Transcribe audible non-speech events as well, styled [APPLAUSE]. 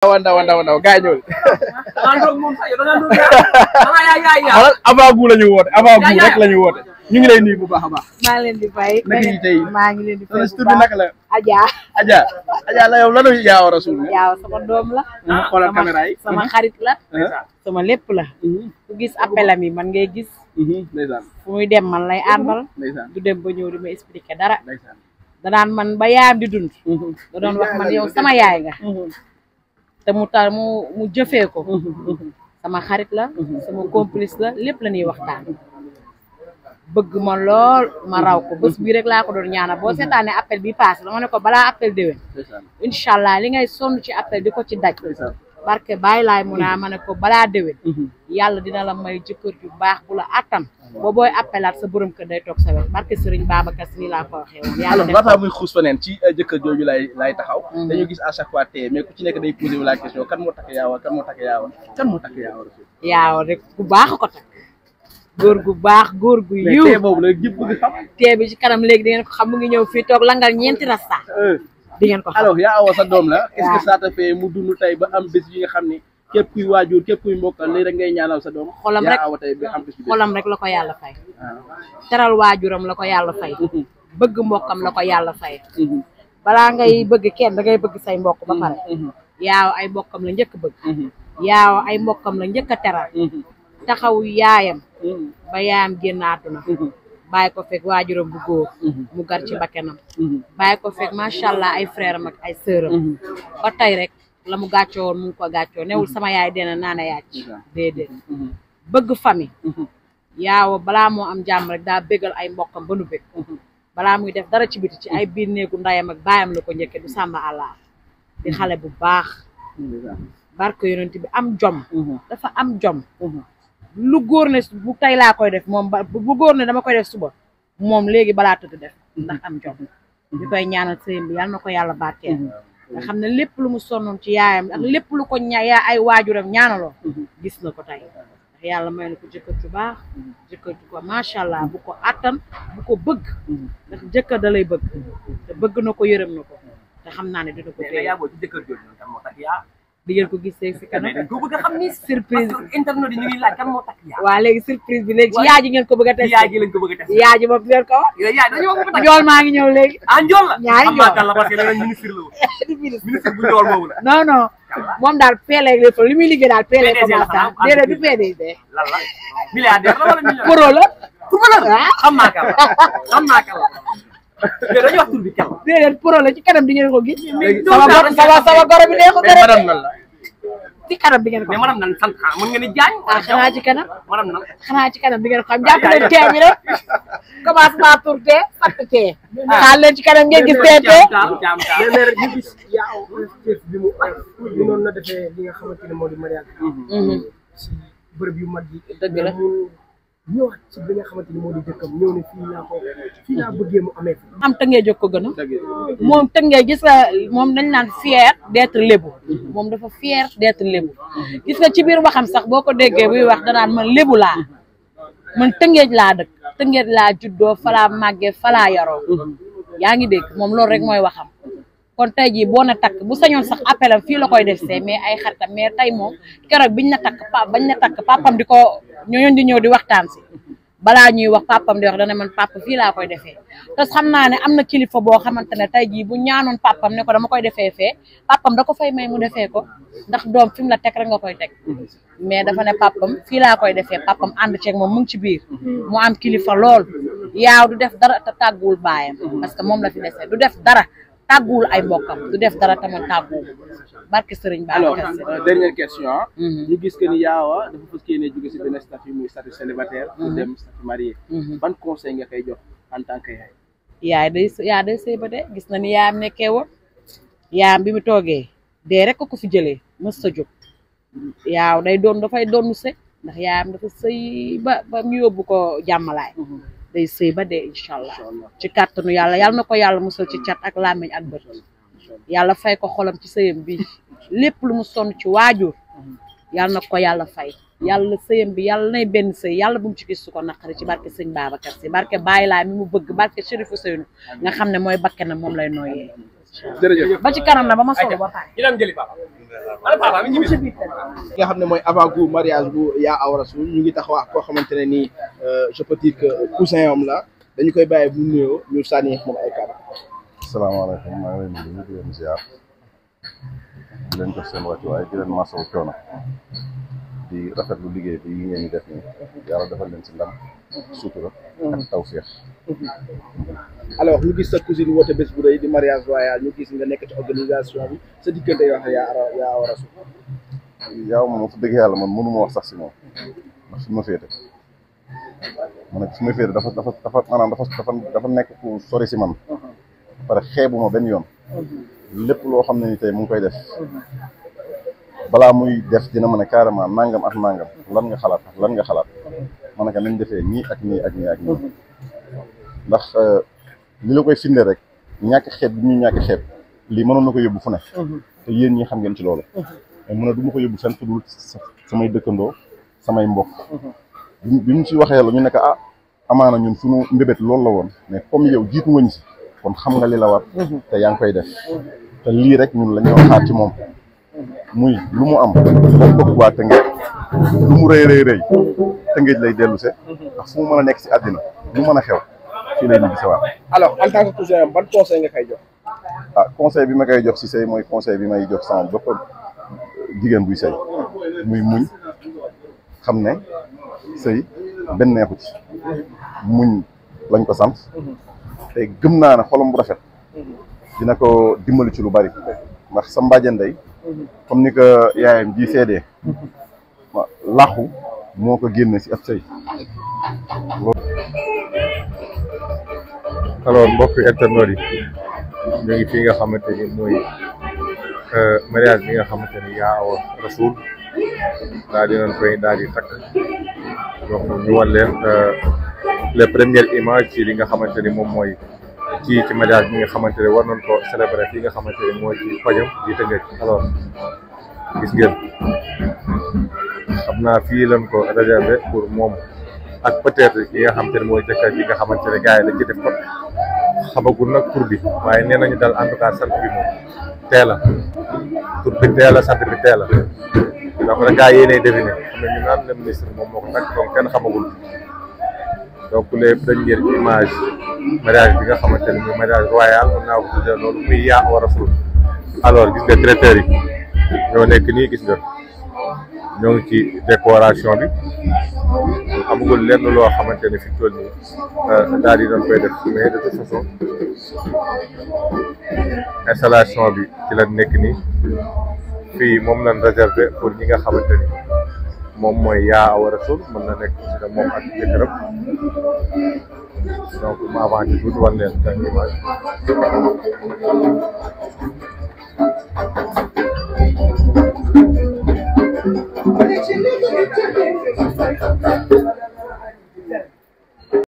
Wanda Wanda Wanda, ndaw gaañul xolal avant gu lañu woote avant gu rek lañu ya. woote ñu ngi lay nuyu bu baax a baax maa ngi leen di fay naka yi tey maa ngi di fay tur bi naka la Adja Adja Adja la yow lanu yaaw rasul yaaw sama doom la sama xarit la sama lépp hmm. la hmm. gis appelam yi man ngay gis fu muy dem man lay àndal du dem ba ñëw di ma hmm, expliquer dara di dund da doon wax man yow sama yaay nga mu taal mu mu jëfee ko mhm, mhm. sama xarit la mhm, sama complice la lépp la ñuy waxtaan bëgg ma lool ma raw ko bés bii rek laa ko doon ñaanal boo seetaanee appel bi passé dama ne ko balaa appel déwén incha allah li ngay sonn ci appel di ko ci daj barke bàyyi laay mun naa mm-hmm. ma ne ko balaa déwén mm-hmm. yàlla dina la may jëkkër ju baax bu la attan boo booy appelaat sa borom kër day toog sa wet barke Serigne Babacar Si ni laa ko waxee woon alors laataa muy xuus fa neen ci euh, jëkkër jooju lay laay taxaw mm-hmm. gis à ci nekk day posé wu la question kan moo takk yaawa kan moo takk yaawa kan moo takk yaawa yaawa rek ku baax ko takk góor gu baax góor gu yiw tee ci kanam léegi di ngeen ko xam mu ngi ñëw fii toog langal ñeenti rasta euh. di ngeen ko xam alors yaa awa sa doom la [LAUGHS] est-ce que ça te mu dund tey ba am bés yi nga xam ni képp kuy waajur képp kuy mbokkal lii rek ngay ñaanal sa doom xolam rek yaa awa tey la ko yàlla fay teral waajuram la ko yàlla fay [LAUGHS] bëgg mbokkam la ko yàlla fay mm-hmm. balaa ngay bëgg kenn da ngay bëgg say mbokk ba pare mm-hmm. mm-hmm. yaaw ay mbokkam la njëkk bëgg yaaw ay mbokkam la njëkk a teral taxaw yaayam ba yaayam génn àdduna bàyyi ko fekk waajuram bu góor mhm. mu gar ci bakkenam mhm. bàyyi ko fekk macha allah ay frère am ay sœur mhm. ba tey rek la mu gàccoo mu ngi ko gàccoo newul sama yaay dina naana yàcc déedéet bëgg famille yaaw balaa moo am jàmm rek daa bégal ay mbokkam ba nu bég balaa muy def dara ci biti ci ay biir néegu ndayam ak baayam la ko njëkke du sàmba àllaa di xale bu baax barke yonent bi am jom dafa am jom lu góor ne bu tey laa koy def moom ba bu góor ne dama koy def suba moom léegi balaa tëdd def ndax am jot na ñu koy ñaanal sëriñ bi yàlla na ko yàlla barkeel nga xam ne lépp lu mu sonnoon ci yaayam ak lépp lu ko ña ay waajuram ñaanaloo gis na ko tey ndax yàlla may na ko jëkkër ju baax jëkkër ju ko macha allah bu ko attan bu ko bëgg ndax jëkkër da lay bëgg te bëgg na ko yërëm na ko te xam naa ne dina ko tey di ngeen ko gisee si kanam. bu bëgg a xam ni surprise parce que internet yi ñu ngi laaj kan moo takk yaa. waaw léegi surprise bi léegi ci yaay ji ngeen ko bëgg a testé. yaay ji lañ ko bëgg a testé yaay ji moom ngeen ko wax. yaay dañu ko bëgg a njool maa ngi ñëw léegi. ah njool la ñaari njool am la parce que leneen ministre la woon. [LAUGHS] ministre bu njool boobu la. non non moom daal peelee lay fa li muy liggéey daal peelee ko ma taal déedéet du PDG. lan la milliardaire la wala milliardaire. pro la. pro la ah. xam naa kan la xam naa kan la. mais dañuy wax tur bi kan la. déedéet pro la ci kanam di ngeen ko gis. sama sama goro bi dee ko gërëm ci kanam bi ngeen ko. mais madame nan sant ah, mën ngeen di jaay. ci kanam. madame nan xanaa ci kanam bi ngeen ko xam jàpp leen tee bi rek [LAUGHS] commencement pour tee fàtt tee. xaar ah. leen gis tee tee. mais rek ñu gis yaa bi mu bi noonu la defee li moo di mariage. Mhm. Mhm. yu mag yi. dëgg la ñëwaat ci bi nga xamante ni moo di dëkkam ñëw ne fii laa ko fii laa bëggee mu amee fi am tëngee jóg ko gën a moom tëngee gis nga moom dañ naan fier d'être lébu moom dafa fier d'être lébu gis nga ci biir waxam sax boo ko déggee buy wax danaan man lébu laa man tëngeej laa dëkk tëngeej laa juddoo falaa màggee falaa yaroo yaa ngi dégg moom loolu rek mooy waxam kon tey jii boo na takk bu sañoon sax appelam fii la koy def see mais ay xaritam mais tey moom keroog biñ na takk pa bañ na takk papam di ko ñooñu di ñëw di waxtaan si balaa ñuy wax papam di wax dana man papa fii laa koy defee te xam naa ne am na kilifa boo xamante ne tey jii bu ñaanoon papam ne ko dama koy defee fee papam da ko fay may mu defee ko ndax doom fi mu la teg rek koy teg mais dafa ne papam fii laa koy defee papam ànd ceeg moom mu ngi ci biir mu am kilifa lool yaaw du def dara te tàgguwul baayam parce que moom la fi desee du def dara tàgguwul ay mbokkam du def dara tamoon tàgguwul barke sëriñ Ba. alors euh, dernière question. Ah. Mhm. ñu gis que ni mhm. mhm. ba de nekkee woon yaayam bi mu toogee dee rek ko fi jëlee mës sa jóg yaaw day doon dafay doonu sëy ndax yaayam dafa sëy ba mu yóbbu ko jàmmalaay. day sëy ba dee incha ci kàttanu yàlla yàlla na ko yàlla musal ci cat ak làmmiñ ak bët yàlla fay ko xolam ci sëyam bi lépp lu mu sonn ci waajur yàlla na ko yàlla fay yàlla sëyam bi yàlla na benn sëy yàlla bu mu ci gis su na naqari ci barke sëñ Babacar si barke Baye Laay mi mu bëgg barke Chérif Ousseynou nga xam ne mooy bakkanam moom lay nooyee jërëjëf ba ci kanam na ba ma solo ba pare. ñu dem jëli papa. ki nga xam ne mooy aba goût mariage bu yaa aw rasul ñu ngi taxaw ak koo xamante ne nii euh, je peux dire la dañu koy bàyyi bu nuyoo ñu sànni moom ay kàddu. salaamaaleykum maa ngi leen di nuyu di leen ziar di leen coono. di rafetlu liggéey bi yi ngeen di def nii yàlla defal leen ci ndam sutura taw tawféex alors ñu gis sa cousine woote bés bu rëy di mariage royal ñu gis nga nekk ci organisation bi sa diggante yoo xam yaa yaa war a su yàlla man mënuma wax sax si moom ndax fi ma féete man nag fi ma féete dafa dafa dafa dafa dafa dafa nekk ku sori si man uh-huh. pare xeebuma benn yoon uh-huh. lépp loo xam ne ni tey mu ngi koy def uh-huh. balaa muy def dina mën a carrément nangam ak nangam lan nga xalaat lan nga xalaat ma ne ko nañ defee nii ak nii ak nii ak nii ndax euh, li la koy firnde rek ñàkk xeeb bi ñu ñàkk xeeb li mënoon na ko yóbbu fu ne mhm. te yéen ñi xam ngeen ci loolu mhm. mais mun a du ma ko yóbbu fenn fu dul samay dëkkandoo samay mbokk mhm. bi mu ci waxee la ñu nekk ah amaana ñun suñu mbébét loolu la woon mais comme yow jiitu nga ñu si kon xam nga li la war te yaa ngi koy def te lii rek ñun la ñoo xaar ci moom muy lu mu am bam bëgg waa Tëngéej lu mu rëy rëy rëy Tëngéej lay dellu se ndax mu mën a nekk ci àddina lu mën a xew fii lay ñibbi si waat alors en tant que cousin ban nga koy jox ah conseil bi ma kay jox ci sëy mooy conseil bi may jox sama bopp jigéen buy sëy muy muñ xam ne sëy benn neexu ci muñ lañ ko sant te gëm naa ne xolam bu rafet mhm. dina ko dimbali ci lu bari ndax sa mbaaje ndey comme ni ko yaayam ji seedee laxu moo ko génne si ab sëy alors mbokk internautes yi ngi fi nga xamante ni mooy euh, mariage bi nga xamante ni yaa awa rasul daal di nañ koy daal di takk donc ñu wan leen euh, les premières images ci li nga xamante ni moom mooy ci ci mariage bi nga xamantene war nañ ko célébrer fi nga xamantene moy ci fajam di tëngëj alors gis ngeen xam fi lañ ko réservé pour mom ak peut être ki nga xamantene moy mooy jëkkër ji nga xamantene gaay la ci def ko xamagul nak pour bi waye nee nañu daal en tout cas sant bi moom téla pour bi téla sant bi téla ndax rek gaay yene deviner xam ñu naan le ministre mom moko tak donc kenn xamagul donc les dañ ngeen image mariage bi nga xamante ne muy mariage royal mën naa ko tuddee loolu muy yaa war a suul alors gis nga traiteur yi nekk nii gis nga ñoo ngi ci décoration bi amagul lenn loo xamante fi mu toll nii euh, daal di doon koy de toute façon installation bi ci la nekk nii fii moom lañ réservé pour ñi nga xamante ni moom mooy yaa war a suul donc maa tudo, valeu. wan leen